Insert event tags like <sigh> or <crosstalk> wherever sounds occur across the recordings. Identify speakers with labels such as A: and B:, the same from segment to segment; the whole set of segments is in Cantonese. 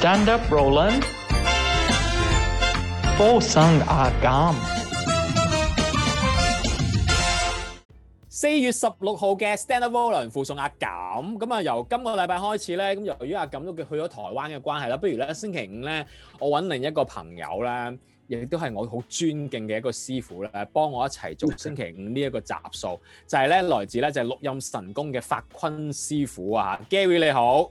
A: Stand up, Roland。附送阿錦。四月十六號嘅 Stand up, Roland 附送阿錦。咁啊，由今個禮拜開始咧，咁由於阿錦都去咗台灣嘅關係啦，不如咧星期五咧，我揾另一個朋友咧，亦都係我好尊敬嘅一個師傅咧，幫我一齊做星期五呢一個集數，就係咧來自咧就六壬神功嘅法坤師傅啊，Gary 你好。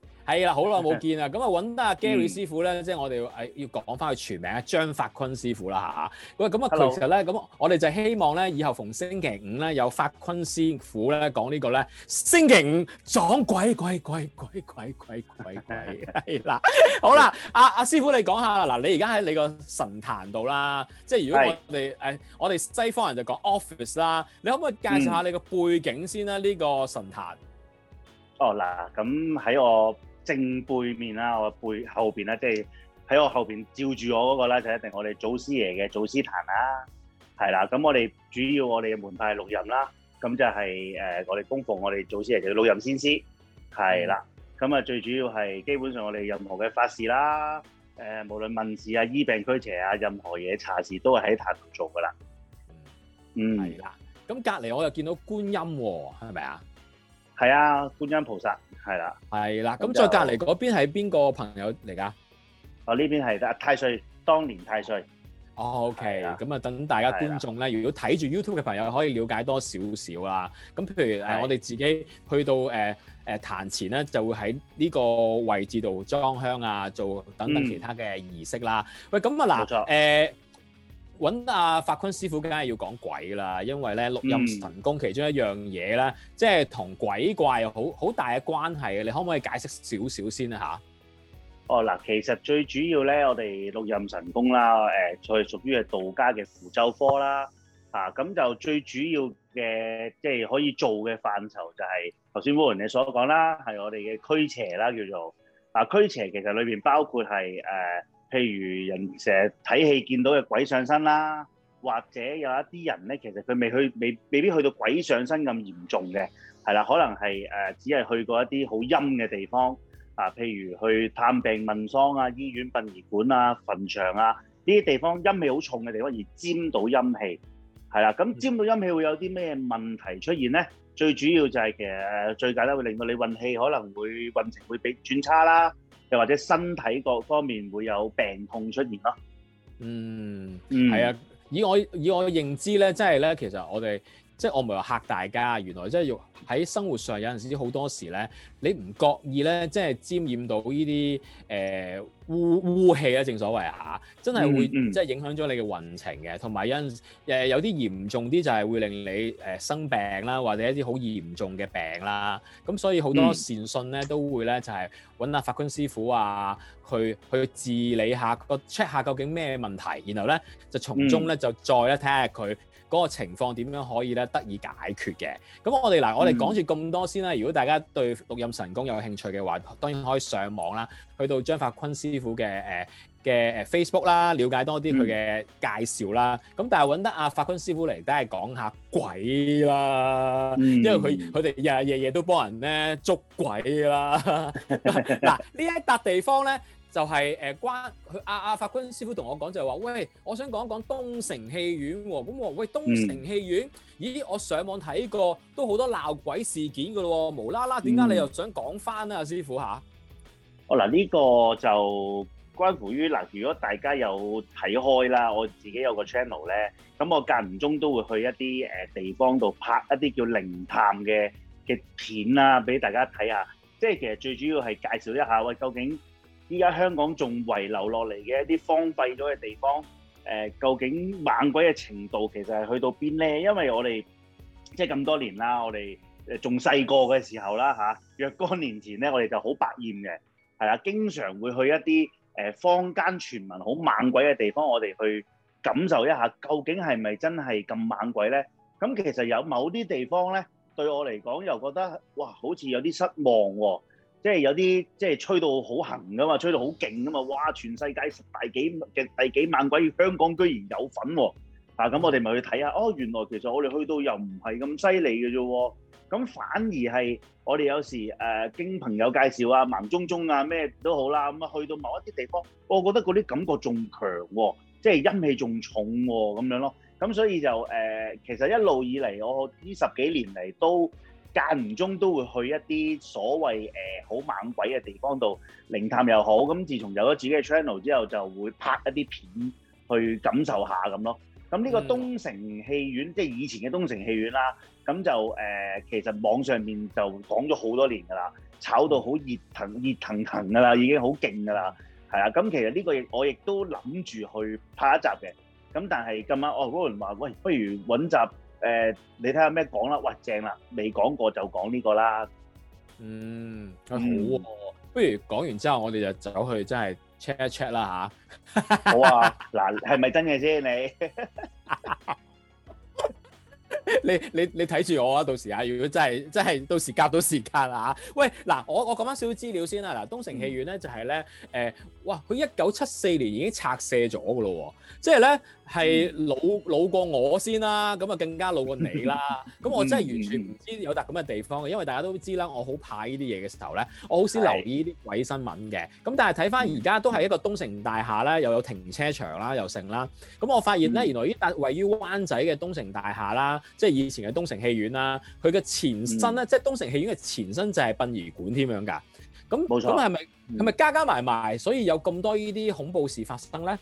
A: 係啦，好耐冇見啊！咁啊，揾得阿 Gary 師傅咧，嗯，即係我哋要要講翻佢全名啊，張法坤師傅啦吓，嚇。喂，咁啊，其實咧，咁我哋就希望咧，以後逢星期五咧，有法坤師傅咧講個呢個咧，星期五撞鬼鬼鬼鬼鬼鬼鬼鬼，鬼。嗱， <laughs> 好啦，阿 <laughs> 阿，啊啊，師傅你講下啦，嗱，你而家喺你個神壇度啦，即係如果我哋誒，哎，我哋西方人就講 office 啦，你可唔可以介紹下你個背景先咧？呢，嗯呢個神壇。
B: 哦嗱，咁喺我。正背面啊，我背後邊咧，即係喺我後邊照住我嗰、那個啦，就是、一定我哋祖師爺嘅祖師壇啦，係啦。咁我哋主要我哋嘅門派係六壬啦，咁就係誒我哋供奉我哋祖師爺嘅六壬先師，係啦。咁、嗯、啊最主要係基本上我哋任何嘅法事啦，誒無論問事啊、醫病驅邪啊、任何嘢查事都係喺壇度
A: 做噶啦。嗯、係、嗯、啦。咁隔籬我又見到觀音喎，係咪啊？係啊，觀音菩薩。係啦，係啦，咁再隔離嗰邊係邊個朋友嚟噶？我、哦、呢邊係太歲，當年太歲。哦，OK，咁啊，等大家觀眾咧，如果睇住 YouTube 嘅朋友可以了解多少少啦。咁譬如我哋自己去到誒壇、呃、前咧，就會喺呢個位置度裝香啊，做等等其他嘅儀式啦。嗯、喂，咁啊嗱，揾阿法坤師傅，梗係要講鬼啦，因為咧六壬神功其中一樣嘢啦，即係同鬼怪有好好大嘅關係嘅，你可唔可以解釋少少先啊？嚇！哦嗱，其實最主要咧，我哋六壬神功啦，就、呃、係屬於係道家嘅符
B: 咒科啦，啊，咁就最主要嘅即係可以做嘅範疇就係頭先烏雲你所講啦，係我哋嘅驅邪啦，叫做嗱、啊、驅邪其實裏邊包括係誒。呃譬如人成日睇戲見到嘅鬼上身啦，或者有一啲人咧，其實佢未去，未未必去到鬼上身咁嚴重嘅，係啦，可能係誒、呃、只係去過一啲好陰嘅地方啊，譬如去探病問喪啊、醫院殯儀館啊、墳場啊呢啲地方，陰氣好重嘅地方而沾到陰氣，係啦，咁沾到陰氣會有啲咩問題出現咧？最主要就係、是、其實最簡單會令到你運氣可能會運程會變轉差啦。又或者身體各方面會有病痛出現咯。
A: 嗯，係啊，以我以我認知呢，即係呢，其實我哋。即係我唔係話嚇大家，原來即係要喺生活上有陣時好多時咧，你唔覺意咧，即係沾染到呢啲誒污污氣啊！正所謂嚇，真係會即係影響咗你嘅運程嘅，同、嗯、埋、嗯、有陣誒有啲嚴重啲就係會令你誒生病啦，或者一啲好嚴重嘅病啦。咁所以好多善信咧都會咧就係揾阿法坤師傅啊，去去治理下個 check 下究竟咩問題，然後咧就從中咧、嗯、就再一睇下佢。嗰個情況點樣可以咧得以解決嘅？咁我哋嗱，我哋講住咁多先啦。如果大家對六壬神功有興趣嘅話，當然可以上網啦，去到張法坤師傅嘅誒嘅誒 Facebook 啦，瞭解多啲佢嘅介紹啦。咁但係揾得阿法坤師傅嚟都係講吓鬼啦，因為佢佢哋日日夜夜都幫人咧捉鬼啦。嗱，呢一笪地方咧。就係、是、誒關佢阿阿法坤師傅同我講就係話，喂，我想講講東成戲院喎。咁我喂東成戲院、嗯，咦，我上網睇過都好多鬧鬼事件噶咯，無啦啦，點解你又想講翻咧，阿、嗯、師傅嚇？
B: 哦，嗱，呢個就關乎於嗱，如果大家有睇開啦，我自己有個 channel 咧，咁我間唔中都會去一啲誒地方度拍一啲叫靈探嘅嘅片啦，俾大家睇下。即係其實最主要係介紹一下，喂，究竟？依家香港仲遺留落嚟嘅一啲荒廢咗嘅地方，誒究竟猛鬼嘅程度其實係去到邊咧？因為我哋即係咁多年啦，我哋誒仲細個嘅時候啦嚇，若干年前咧，我哋就好百厭嘅，係啦，經常會去一啲誒坊間傳聞好猛鬼嘅地方，我哋去感受一下，究竟係咪真係咁猛鬼咧？咁其實有某啲地方咧，對我嚟講又覺得哇，好似有啲失望喎、哦。即係有啲即係吹到好恆㗎嘛，吹到好勁㗎嘛，哇！全世界十大幾嘅第幾猛鬼，香港居然有份喎、哦！啊，咁我哋咪去睇下，哦，原來其實我哋去到又唔係咁犀利嘅啫喎，咁反而係我哋有時誒、呃、經朋友介紹啊、盲中中啊咩都好啦，咁啊去到某一啲地方，我覺得嗰啲感覺仲強喎、哦，即係陰氣仲重喎、哦，咁樣咯。咁所以就誒、呃，其實一路以嚟，我呢十幾年嚟都。間唔中都會去一啲所謂誒好、呃、猛鬼嘅地方度靈探又好，咁自從有咗自己嘅 channel 之後，就會拍一啲片去感受一下咁咯。咁呢個東成戲院，嗯、即係以前嘅東成戲院啦。咁就誒、呃，其實網上面就講咗好多年㗎啦，炒到好熱騰熱騰騰㗎啦，已經好勁㗎啦。係啊，咁其實呢個亦我亦都諗住去拍一集嘅。咁但係今晚我嗰、哦、人話，喂，不如揾集。誒、呃，你睇下咩講啦，哇，正啦，未講過就講呢
A: 個啦，嗯，啊、好喎、啊嗯，不如講完之後，我哋就走去真係 check 一 check 啦吓、啊！好啊，嗱、 <laughs> 啊，係咪真嘅啫你？ <laughs> <laughs> 你你你睇住我啊！到時啊，如果真係真係到時夾到時間啦嚇、啊，喂嗱，我我講翻少少資料先啦。嗱，東城戲院咧就係、是、咧，誒、呃，哇，佢一九七四年已經拆卸咗嘅咯喎，即係咧係老老過我先啦，咁啊更加老過你啦。咁我真係完全唔知有笪咁嘅地方嘅，因為大家都知啦，我好怕呢啲嘢嘅時候咧，我好少留意啲鬼新聞嘅。咁但係睇翻而家都係一個東城大廈啦，又有停車場啦，又剩啦。咁我發現咧，原來呢笪位於灣仔嘅東城大廈啦。即係以前嘅東成戲院啦，佢嘅前身咧，嗯、即係東成戲院嘅前身就係殯儀館添樣㗎。咁冇錯、咁係咪係咪加加埋埋，所以有咁多呢啲恐怖事發生咧？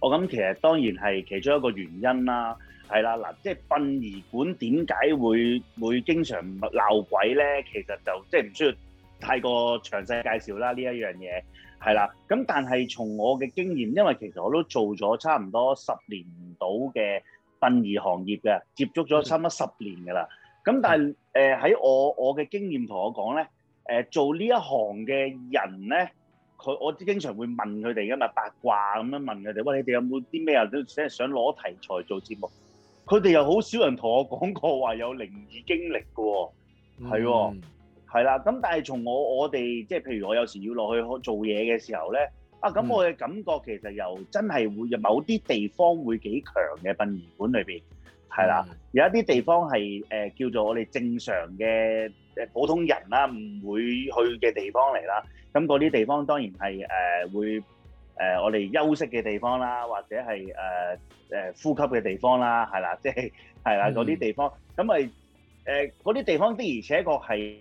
A: 我諗、哦、咁其實當然係其中一個原
B: 因啦，係啦嗱，即係、就是、殯儀館點解會會經常鬧鬼咧？其實就即係唔需要太過詳細介紹啦，呢一樣嘢係啦。咁但係從我嘅經驗，因為其實我都做咗差唔多十年到嘅。殯儀行業嘅接觸咗差唔多十年噶啦，咁 <laughs> 但係誒喺我我嘅經驗同我講咧，誒、呃、做呢一行嘅人咧，佢我經常會問佢哋噶嘛，八卦咁樣問佢哋，喂，你哋有冇啲咩啊？想想攞題材做節目，佢哋又好少人同我講過話有靈異經歷嘅喎、
A: 哦，係、嗯、喎、
B: 哦，係啦。咁但係從我我哋即係譬如我有時要落去做嘢嘅時候咧。啊，咁我嘅感覺其實又真係會有某啲地方會幾強嘅殯儀館裏邊，係啦、嗯，有一啲地方係誒、呃、叫做我哋正常嘅普通人啦，唔會去嘅地方嚟啦。咁嗰啲地方當然係誒、呃、會誒、呃、我哋休息嘅地方啦，或者係誒誒呼吸嘅地方啦，係啦，即係係啦嗰啲地方。咁咪誒嗰啲地方的而且確係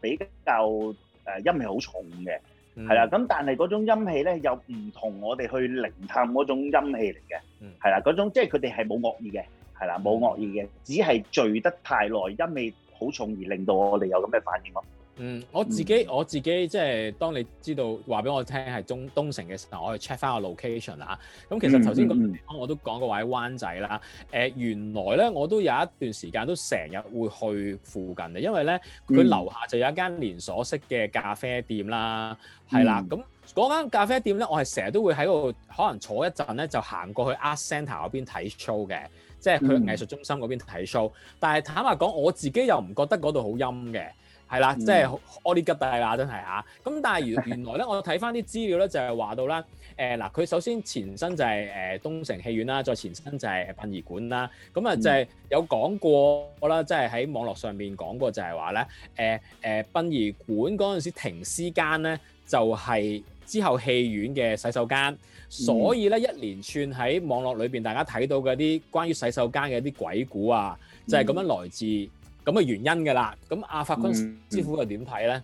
B: 比較誒、呃、陰氣好重嘅。係、嗯、啦，咁但係嗰種陰氣咧，又唔同我哋去靈探嗰種陰氣嚟嘅，係、嗯、啦，嗰種即係佢哋係冇惡意嘅，係啦，冇惡意嘅，只係聚得太耐，陰氣好重而令到我哋有咁嘅反應咯。
A: 嗯，我自己、嗯、我自己即、就、係、是、當你知道話俾我聽係中東成嘅時候，我去 check 翻個 location 啊。咁其實頭先個我都講過位灣仔啦。誒、嗯嗯，原來咧我都有一段時間都成日會去附近嘅，因為咧佢、嗯、樓下就有一間連鎖式嘅咖啡店、嗯、啦，係啦。咁嗰間咖啡店咧，我係成日都會喺度可能坐一陣咧，就行過去 Art Centre 嗰邊睇 show 嘅，即係佢藝術中心嗰邊睇 show、嗯。但係坦白講，我自己又唔覺得嗰度好陰嘅。係、嗯、啦，即係攞啲吉大啦，真係嚇。咁但係原原來咧，我睇翻啲資料咧，就係話到啦，誒、呃、嗱，佢首先前身就係誒東成戲院啦，再前身就係殯儀館啦。咁啊就係有講過啦，即係喺網絡上面講過就是說，就係話咧，誒、呃、誒殯儀館嗰陣時停屍間咧，就係、是、之後戲院嘅洗手間，所以咧一連串喺網絡裏邊大家睇到嘅啲關於洗手間嘅一啲鬼故啊，就係、是、咁樣來自。咁嘅原因噶啦，咁阿法坤師傅又點睇咧？
B: 誒、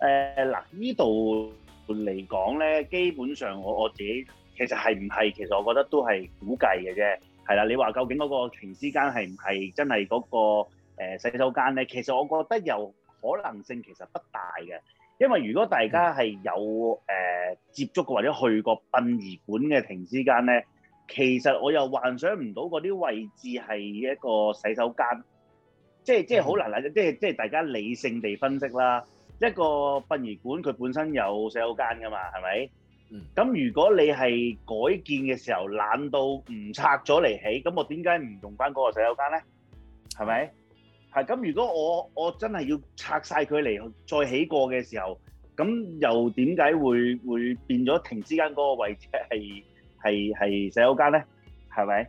B: 嗯、嗱，嗯嗯呃、這裡來呢度嚟講咧，基本上我我自己其實係唔係，其實我覺得都係估計嘅啫。係啦，你話究竟嗰個停屍間係唔係真係嗰、那個、呃、洗手間咧？其實我覺得有可能性其實不大嘅，因為如果大家係有誒、呃、接觸過或者去過殯儀館嘅停屍間咧，其實我又幻想唔到嗰啲位置係一個洗手間。即係即係好難諗，嗯，即係即係大家理性地分析啦。一個殯儀館佢本身有洗手間噶嘛，係咪？嗯。咁如果你係改建嘅時候懶到唔拆咗嚟起，咁我點解唔用翻嗰個洗手間咧？係咪？係咁，如果我我真係要拆晒佢嚟再起過嘅時候，咁又點解會會變咗停之間嗰個位置係係係洗手間咧？係咪？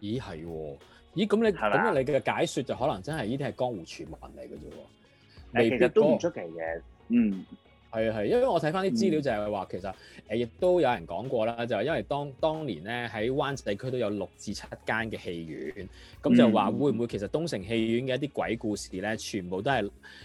B: 咦
A: 係喎。咦，咁你咁樣你嘅解說就可能真係呢啲係江湖傳聞嚟嘅啫喎，未必其實都唔出奇嘅。
B: 嗯，
A: 係啊係，因為我睇翻啲資料就係話，其實誒亦都有人講過啦，就係因為當當年咧喺灣仔區都有六至七間嘅戲院，咁就話會唔會其實東成戲院嘅一啲鬼故事咧，全部都係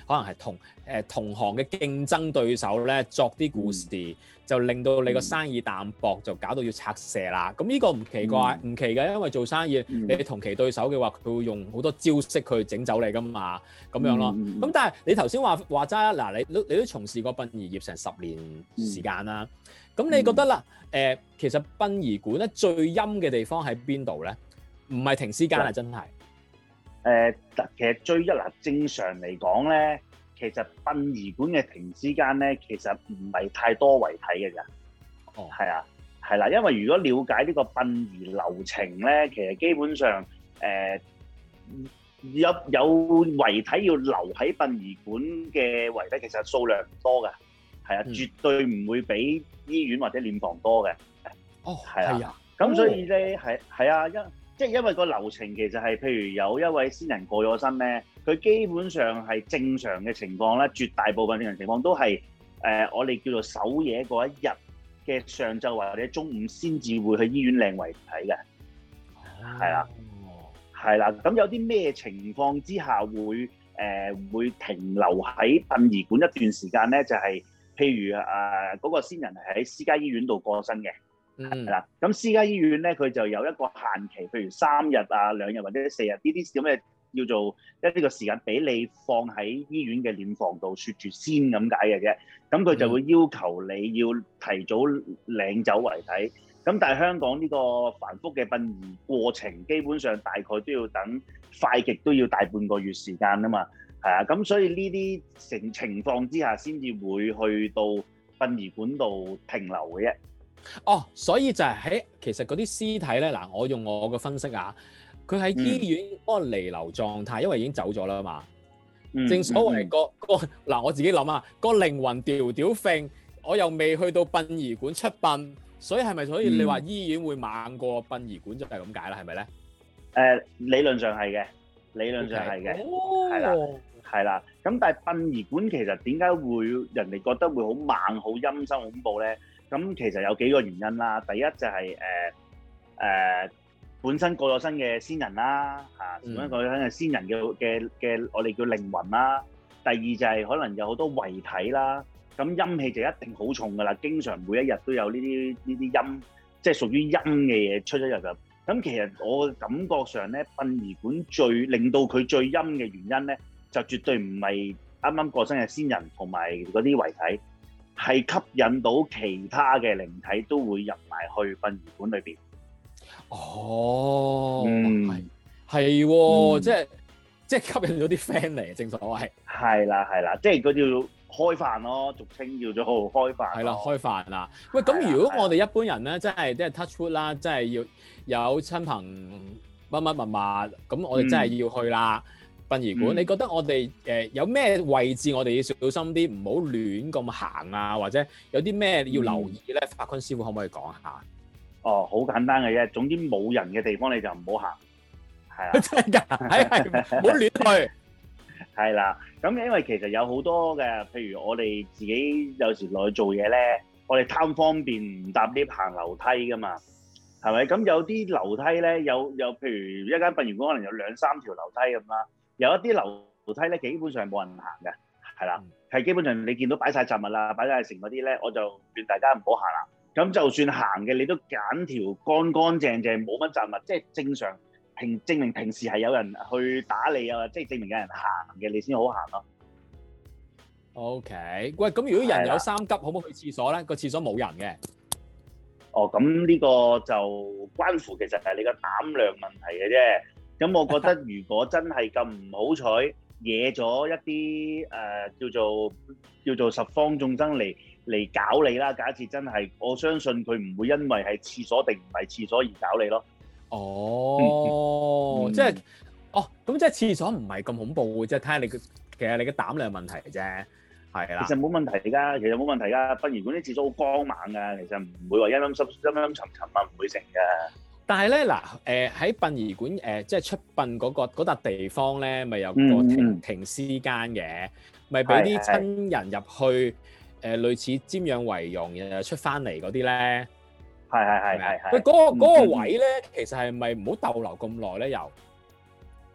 A: 可能係同誒、呃、同行嘅競爭對手咧作啲故事。嗯就令到你個生意淡薄、嗯，就搞到要拆卸啦。咁呢個唔奇怪，唔、嗯、奇嘅，因為做生意、嗯、你同期對手嘅話，佢會用好多招式去整走你噶嘛，咁樣咯。咁、嗯嗯、但係你頭先話話齋啦，嗱，你你都從事過殯儀業成十年時間啦，咁、嗯、你覺得啦，誒、嗯，其實殯儀館咧最陰嘅地方喺邊度咧？唔係停屍間啊，真係。
B: 誒、呃，其實最一嚟正常嚟講咧。其實殯儀館嘅庭之間咧，其實唔係太多遺體嘅㗎，係、oh. 啊，係啦、啊，因為如果了解呢個殯儀流程咧，其實基本上誒、呃、有有遺體要留喺殯儀館嘅遺體，其實數量唔多嘅，係啊，mm. 絕對唔會比醫院或者殮房多嘅，哦，係啊，咁、oh. 啊、所以咧係係啊一。即係因為個流程其實係，譬如有一位先人過咗身咧，佢基本上係正常嘅情況咧，絕大部分正常情況都係誒、呃，我哋叫做守夜嗰一日嘅上晝或者中午先至會去醫院領遺體嘅，係啦，係啦。咁有啲咩情況之下會誒、呃、會停留喺殯儀館一段時間咧？就係、是、譬如啊，嗰、呃那個先人係喺私家醫院度過咗身嘅。係啦，咁私家醫院咧，佢就有一個限期，譬如三日啊、兩日或者四日呢啲咁嘅叫做一啲個時間，俾你放喺醫院嘅殮房度雪住先咁解嘅啫。咁佢就會要求你要提早領走遺體。咁、嗯、但係香港呢個繁複嘅殯儀過程，基本上大概都要等快極都要大半個月時間啊嘛。係啊，咁所以呢啲情情況之下，先至會去到殯儀館度停留
A: 嘅啫。哦、oh，所以就係、是、喺其實嗰啲屍體咧，嗱，我用我嘅分析啊，佢喺醫院嗰個彌留狀態，因為已經走咗啦嘛、mm -hmm。正所謂、個個嗱，我自己諗啊，個靈魂吊吊揈，我又未去到殯儀館出殯，所以係咪所以你話醫院會猛過殯儀館就係咁解啦？係咪咧？誒、呃，理論上係嘅，理論上係嘅，
B: 係、okay. 啦、oh.，
A: 係啦。咁
B: 但係殯儀館其實點解會人哋覺得會好猛、好陰森、恐怖咧？咁其實有幾個原因啦，第一就係誒誒本身過咗身嘅先人啦，嗯、本身過咗身嘅先人嘅嘅嘅，我哋叫靈魂啦。第二就係可能有好多遺體啦，咁陰氣就一定好重噶啦，經常每一日都有呢啲呢啲陰，即係屬於陰嘅嘢出咗入就。咁其實我感覺上咧，殯儀館最令到佢最陰嘅原因咧，就絕對唔係啱啱過身嘅先人同埋嗰啲遺體。係吸引到其他嘅靈體都會入埋去殯儀館裏邊。
A: 哦，唔、嗯、係，係喎、啊嗯，即係即係吸引咗啲 friend 嚟，正所謂。係啦、啊，係啦、啊，即係佢叫開飯咯，俗稱叫做開飯。係啦，開飯啦。喂、啊，咁、啊啊、如果我哋一般人咧，即係即係 touch wood 啦，即係要有親朋乜乜密密，咁，我哋真係要去啦。嗯殯儀館，你覺得我哋誒、呃、有咩位置我哋要小心啲，唔好亂咁行啊？或者有啲咩要留意咧？法、嗯、坤師傅可唔可以講下？哦，好簡單嘅啫，總之冇人嘅地方你就唔好行，
B: 係啊，真係噶，唔好 <laughs> 亂去，係 <laughs> 啦。咁因為其實有好多嘅，譬如我哋自己有時落去做嘢咧，我哋貪方便唔搭 lift 行樓梯噶嘛，係咪？咁有啲樓梯咧，有有譬如一間殯儀館可能有兩三條樓梯咁啦。有一啲樓梯咧，基本上冇人行嘅，係啦，係、嗯、基本上你見到擺晒雜物啦，擺晒成嗰啲咧，我就勸大家唔好行啦。咁就算行嘅，你都揀條乾乾淨淨、冇乜雜物，即係正常平證明平時係有人去打理啊，即係證明有人行嘅，你先好行咯。
A: OK，喂，咁如果人有三急，好唔好去廁所咧？個廁所冇人嘅。哦，咁呢個就關乎其實係你個膽量問題嘅
B: 啫。咁、嗯、我覺得如果真係咁唔好彩，惹咗一啲、呃、叫做叫做十方眾生嚟嚟搞你啦。假設真係，我相信佢唔會因為係廁所定唔係廁所而搞你咯。
A: 哦，嗯嗯、即係哦，咁即係廁所唔係咁恐怖，即係睇下你嘅其實你嘅膽量問題啫，係啦。其實冇問題㗎，其實冇問題㗎。不過如果啲廁所好光猛㗎，其
B: 實唔會話陰陰濕陰陰沉沉啊，唔會成㗎。
A: 但係咧嗱，誒喺殯儀館誒，即係出殯嗰個嗰笪地方咧，咪有個停停屍間嘅，咪俾啲親人入去誒，類似瞻仰遺容，然後出翻嚟嗰啲咧，係係係係。喂，嗰個嗰個位咧，其實係咪唔好逗留咁
B: 耐咧？又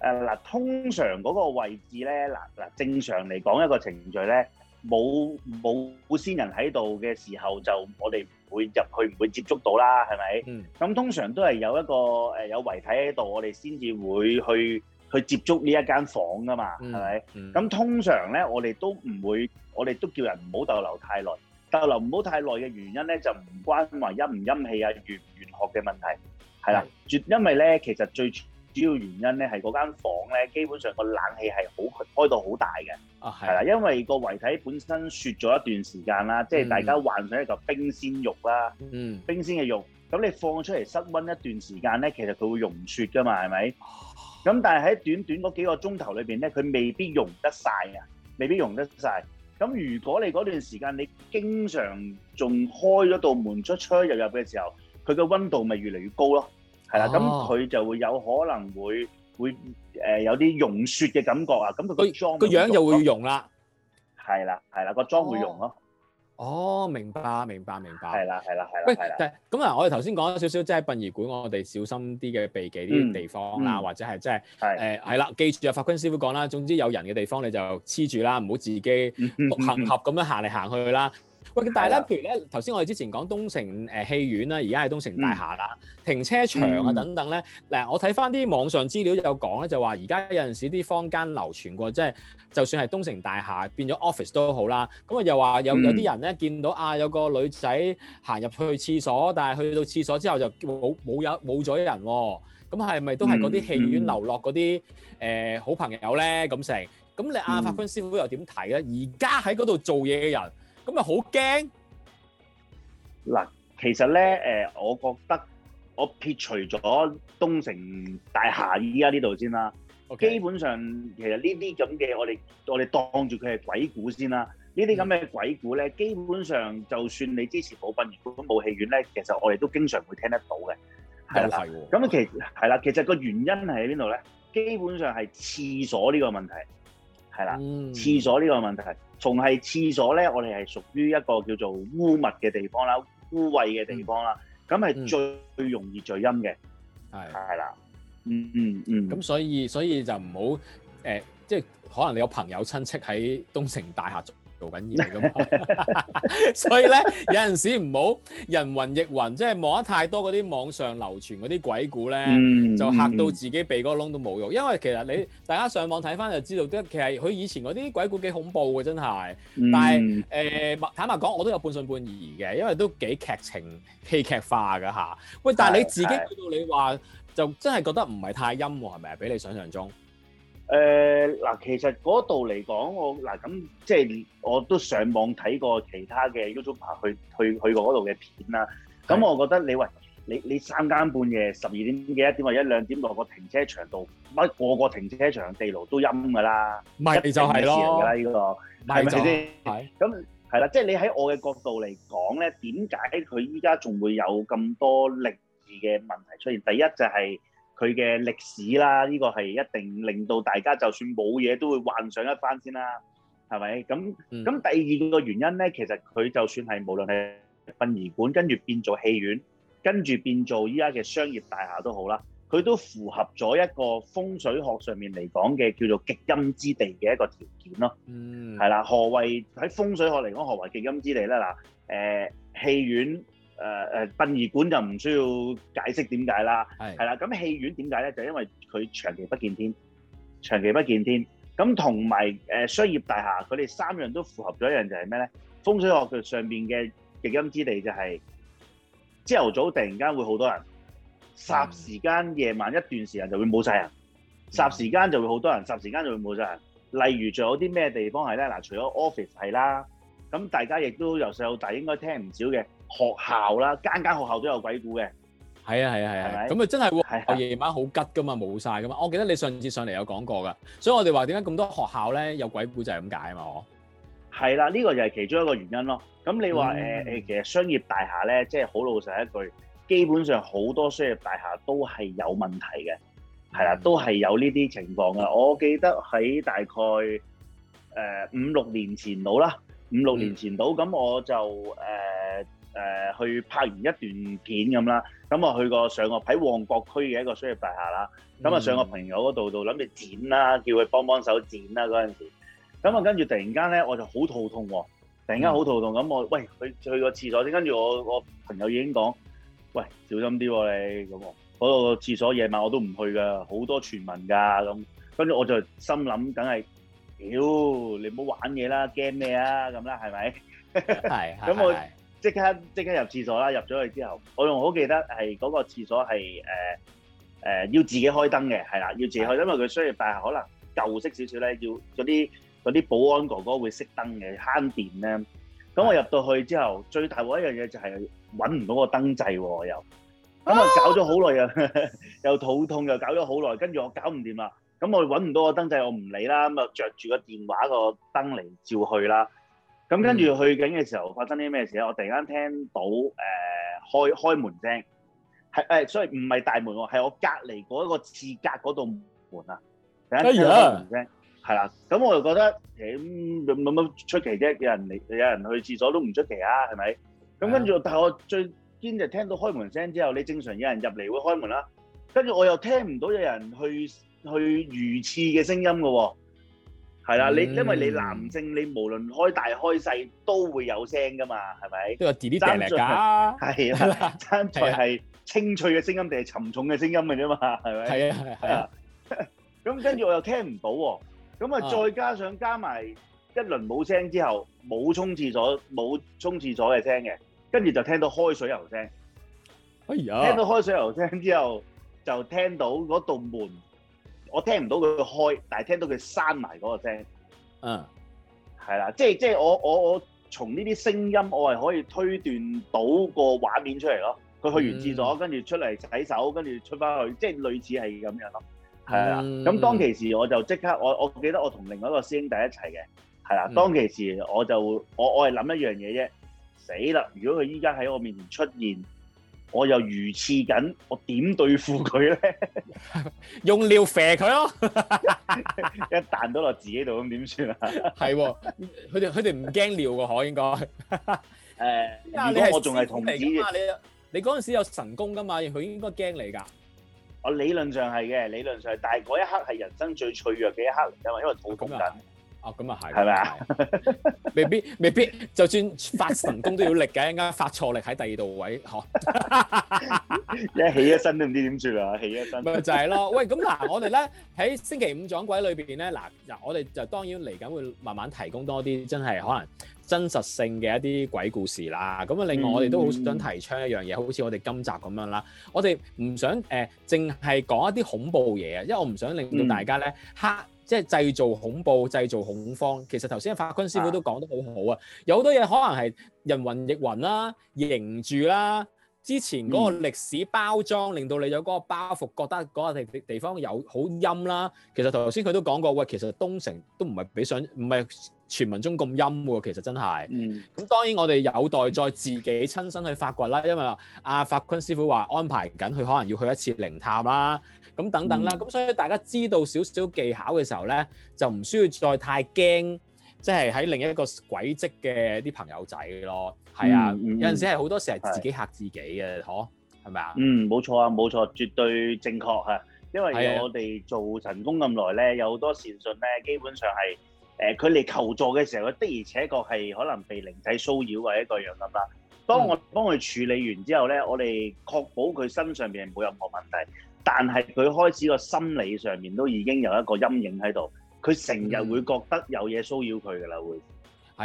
B: 誒嗱，通常嗰個位置咧，嗱嗱，正常嚟講一個程序咧，冇冇先人喺度嘅時候，就我哋。會入去唔會接觸到啦，係咪？咁、嗯、通常都係有一個誒有遺體喺度，我哋先至會去去接觸呢一間房㗎嘛，係咪？咁、嗯嗯、通常咧，我哋都唔會，我哋都叫人唔好逗留太耐。逗留唔好太耐嘅原因咧，就唔關話陰唔陰氣啊、玄唔玄學嘅問題，係啦。絕因為咧，其實最。主要原因咧係嗰間房咧，基本上個冷氣係好開到好大嘅，係、啊、啦，因為個遺體本身雪咗一段時間啦、嗯，即係大家幻想一嚿冰鮮肉啦，嗯，冰鮮嘅肉，咁你放出嚟室温一段時間咧，其實佢會融雪㗎嘛，係咪？咁但係喺短短嗰幾個鐘頭裏邊咧，佢未必融得晒啊，未必融得晒。咁如果你嗰段時間你經常仲開咗道門出出入入嘅時候，佢嘅温度咪越嚟越高咯。係啦，咁佢就會有可能會會誒、呃、有啲溶雪嘅感覺啊，咁佢個妝樣就會
A: 溶啦，係啦係啦，個妝會溶咯、哦。哦，明白明白明白，係啦係啦係啦。喂，咁啊，我哋頭先講咗少少即係殯儀館，我哋小心啲嘅避忌啲地方啦、嗯嗯，或者係即係誒係啦，記住啊，法坤師傅講啦，總之有人嘅地方你就黐住啦，唔好自己獨行俠咁樣行嚟行去啦。嗯嗯走喂，但係咧，譬如咧，頭先我哋之前講東成誒戲院啦，而家係東成大廈啦，停車場啊等等咧。嗱，我睇翻啲網上資料有講咧，就話而家有陣時啲坊間流傳過，即係就算係東成大廈變咗 office 都好啦。咁啊，又話有有啲人咧見到啊有個女仔行入去廁所，但係去到廁所之後就冇冇有冇咗人喎。咁係咪都係嗰啲戲院流落嗰啲誒好朋友咧咁成？咁你阿法坤師傅又點睇咧？而家喺嗰度做嘢嘅人？咁啊，好驚！嗱，
B: 其實咧，誒，我覺得我撇除咗東成大廈依家呢度先啦。Okay. 基本上，其實呢啲咁嘅我哋我哋當住佢係鬼故先啦。呢啲咁嘅鬼故咧、嗯，基本上就算你之前冇殯儀館冇戲院咧，其實我哋都經常會聽得到嘅。係啦，咁其實係啦，其實個原因係喺邊度咧？基本上係廁所呢個問題，係啦、嗯，廁所呢個問題。同係廁所咧，我哋係屬於一個叫做污物嘅地方啦，污
A: 穢嘅地方啦，咁、嗯、係最容易聚陰嘅，係係啦，嗯嗯嗯，咁、嗯、所以所以就唔好、呃、即係可能你有朋友親戚喺東城大廈。做緊嘢噶嘛，所以咧有陣時唔好人雲亦雲，即係望得太多嗰啲網上流傳嗰啲鬼故咧，就嚇到自己鼻哥窿都冇用。因為其實你大家上網睇翻就知道，即其實佢以前嗰啲鬼故幾恐怖嘅，真係。嗯、但係誒、呃，坦白講，我都有半信半疑嘅，因為都幾劇情戲劇化㗎嚇。喂，但係你自己到你話就真係覺得唔係太陰喎，係咪啊？比你想像中。
B: 誒嗱，其實嗰度嚟講，我嗱咁即係我都上網睇過其他嘅 YouTube 去去去過嗰度嘅片啦。咁我覺得你喂，你你三更半夜十二點幾一點或一兩點落個停車場度，乜個個停車場地牢都陰㗎啦。
A: 咪就係、是、咯，依個係咪
B: 先？係咁係啦。即係、就是、你喺我嘅角度嚟講咧，點解佢依家仲會有咁多靈異嘅問題出現？第一就係、是。佢嘅歷史啦，呢、這個係一定令到大家就算冇嘢都會幻想一番先啦，係咪？咁咁、嗯、第二個原因呢，其實佢就算係無論係殯儀館，跟住變做戲院，跟住變做依家嘅商業大廈都好啦，佢都符合咗一個風水學上面嚟講嘅叫做極陰之地嘅一個條件咯。嗯，係啦，何謂喺風水學嚟講何謂極陰之地呢？嗱、呃，誒戲院。誒、呃、誒，殯儀館就唔需要解釋點解啦，係啦。咁戲院點解咧？就因為佢長期不見天，長期不見天。咁同埋誒商業大廈，佢哋三樣都符合咗一樣，就係咩咧？風水學上邊嘅極陰之地，就係，就係朝頭早突然間會好多人，霎時間夜晚一段時間就會冇晒人，霎時間就會好多人，霎時間就會冇晒人，人。例如仲有啲咩地方係咧？嗱，除咗 office 係啦，咁大家亦都由細到大應該聽唔少嘅。學校啦，間間學校都有鬼故嘅，
A: 係啊係啊係啊，咁啊，啊真係喎，夜、啊、晚好吉噶嘛，冇晒噶嘛。我記得你上次上嚟有講過噶，所以我哋話點解咁多學校咧有鬼故就係咁解啊嘛，我係啦，呢、呢個就係其中一個原因咯。咁你話誒誒，其實商業大廈咧，
B: 即係好老實一句，基本上好多商業大廈都係有問題嘅，係啦、啊，都係有呢啲情況噶。我記得喺大概誒五六年前到啦，五六年前到，咁、嗯、我就誒。呃誒去拍完一段片咁啦，咁啊去過上個喺旺角區嘅一個商業大廈啦，咁啊上個朋友嗰度度諗住剪啦，叫佢幫幫手剪啦嗰陣時，咁啊跟住突然間咧我就好肚痛喎，突然間好肚痛，咁我喂，去去個廁所先，跟住我我朋友已經講，喂，小心啲喎，你咁喎，嗰個廁所夜晚我都唔去噶，好多傳聞噶咁，跟住我就心諗梗係，屌、哎、你唔好玩嘢啦，驚咩啊咁啦係咪？
A: 係，咁 <laughs> 我。
B: 即刻即刻入廁所啦！入咗去之後，我仲好記得係嗰個廁所係誒誒要自己開燈嘅，係啦，要自己開，因為佢雖然大，係可能舊式少少咧，要嗰啲啲保安哥哥哥會熄燈嘅，慳電咧。咁我入到去之後，最大嗰一樣嘢就係揾唔到個燈掣喎，我又咁啊搞咗好耐又又肚痛又搞咗好耐，跟住我搞唔掂啦。咁我揾唔到個燈掣，我唔理啦，咁就着住個電話個燈嚟照去啦。咁跟住去緊嘅時候發生啲咩事咧？我突然間聽到誒、呃、開開門聲，係誒、欸，所以唔係大門喎，係我那隔離嗰個廁格嗰度門啊！突然間開門聲，係啦，咁我就覺得誒咁有乜出奇啫？有人嚟，有人去廁所都唔出奇啊，係咪？咁跟住，但係我最堅就聽到開門聲之後，你正常有人入嚟會開門啦。跟住我又聽唔到有人去去如廁嘅聲音㗎喎。係啦，你因為你男性，你無論開大開細都會有聲噶嘛，係咪？都話
A: 啲啲嗲嗲㗎，係啦，
B: 爭在係清脆嘅聲音定係沉重嘅聲音嘅啫嘛，係咪？係啊係啊，咁跟住我又聽唔到喎，咁啊再加上加埋一輪冇聲之後，冇沖廁所，冇沖廁所嘅聲嘅，跟住就聽到開水喉聲，
A: 哎呀！聽到開
B: 水喉聲之後就聽到嗰道門。我聽唔到佢開，但係聽到佢閂埋嗰個聲。嗯，係啦，即係即係我我我從呢啲聲音，uh. 我係可以推斷到個畫面出嚟咯。佢去完廁所，跟、mm. 住出嚟洗手，跟住出翻去，即係類似係咁樣咯。係啊，咁、mm. 當其時我就即刻，我我記得我同另外一個師兄弟一齊嘅，係啦。當其時我就我我係諗一樣嘢啫，死啦！如果佢依家喺我面前出現。我又如廁緊，我點對付佢咧？ <laughs> 用
A: 尿射佢咯， <laughs> <laughs> 一彈到落自己度咁點算啊？係喎，佢哋佢哋唔驚尿㗎可應該誒、 <laughs> 呃。如果我仲係童子嘅，你你嗰陣時有神功㗎嘛？佢應該驚你㗎。我理論上係嘅，理
B: 論上係，但係嗰一刻係人生最脆弱嘅一刻嚟㗎嘛，因為因為肚痛緊。
A: 哦、啊，咁啊係，係咪未必，未必，就算發神功都要力嘅，一陣間發錯力喺第二度位，呵、嗯！一起一身都唔知點住啦，起一身。咪就係、是、咯，喂！咁嗱、啊，我哋咧喺星期五撞鬼裏邊咧，嗱、啊、嗱，我哋就當然嚟緊會慢慢提供多啲真係可能真實性嘅一啲鬼故事啦。咁啊，另外我哋都好想提倡一,、嗯、一樣嘢，好似我哋今集咁樣啦，我哋唔想誒淨係講一啲恐怖嘢啊，因為我唔想令到大家咧黑。嗯即係製造恐怖、製造恐慌。其實頭先法坤師傅都講得好好啊，有好多嘢可能係人雲亦雲啦、啊、凝住啦、啊。之前嗰個歷史包裝，嗯、令到你有嗰個包袱，覺得嗰個地地方有好陰啦、啊。其實頭先佢都講過，喂，其實東城都唔係比上，唔係傳聞中咁陰喎。其實真係。嗯。咁當然我哋有待再自己親身去發掘啦，因為阿法坤師傅話安排緊，佢可能要去一次靈探啦。咁等等啦，咁所以大家知道少少技巧嘅時候咧，就唔需要再太驚，即係喺另一個軌跡嘅啲朋友仔咯。係啊，嗯嗯、有陣時係好多時係自己嚇自己嘅，嗬，係咪啊？嗯，冇
B: 錯啊，冇錯，絕對正確啊。因為我哋做神功咁耐咧，有好多善信咧，基本上係誒佢哋求助嘅時候，佢的而且確係可能被靈體騷擾或者一個樣咁啦。當我幫佢處理完之後呢，我哋確保佢身上面冇任何問題，但係佢開始個心理上面都已經有一個陰影喺度，佢成日會覺得有嘢騷擾佢噶啦，會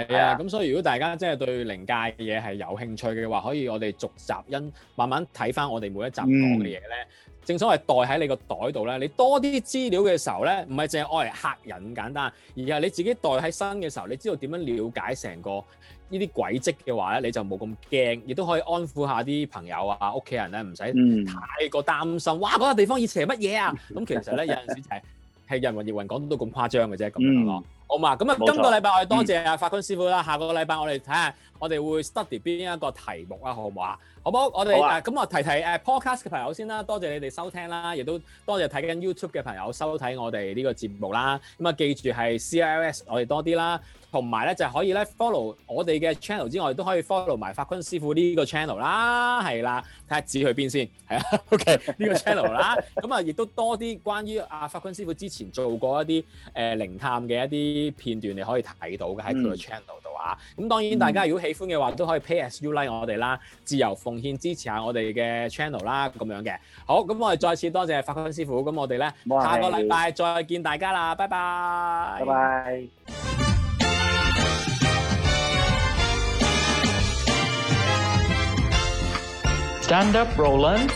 A: 係啊。咁、啊、所以如果大家真係對靈界嘅嘢係有興趣嘅話，可以我哋逐集因慢慢睇翻我哋每一集講嘅嘢呢、嗯。正所謂袋喺你個袋度呢，你多啲資料嘅時候呢，唔係淨係愛嚟嚇人簡單，而係你自己袋喺身嘅時候，你知道點樣了解成個。呢啲軌跡嘅話咧，你就冇咁驚，亦都可以安撫下啲朋友啊、屋企人咧，唔使太過擔心。嗯、哇！嗰、嗰個地方以前係乜嘢啊？咁其實咧有陣時係係有人雲亦 <laughs> 雲講到都咁誇張嘅啫，咁樣咯。嗯。好嘛，咁啊，今個禮拜我哋多謝啊法坤師傅啦。下個禮拜我哋睇下，我哋會 study 邊一個題目啊，好唔好啊？好唔好？我哋誒咁啊，提提誒 podcast 嘅朋友先啦，多謝你哋收聽啦，亦都多謝睇緊 YouTube 嘅朋友收睇我哋呢個節目啦。咁啊，記住係 CLS 我哋多啲啦，同埋咧就係可以咧 follow 我哋嘅 channel 之外，都可以 follow 埋法坤師傅呢個 channel 啦，係啦。睇下指去邊先，係啊，OK 呢個 channel 啦。咁啊，亦都多啲關於啊法坤師傅之前做過一啲誒靈探嘅一啲。啲片段，你可以睇到嘅喺佢個 channel 度啊。咁、嗯、當然大家如果喜歡嘅話，都可以 pay as you like 我哋啦，自由奉獻支持下我哋嘅 channel 啦，咁樣嘅。好，咁我哋再次多謝法坤師傅，咁我哋咧下個禮拜再見大家啦，拜拜。拜拜。Stand up, Roland.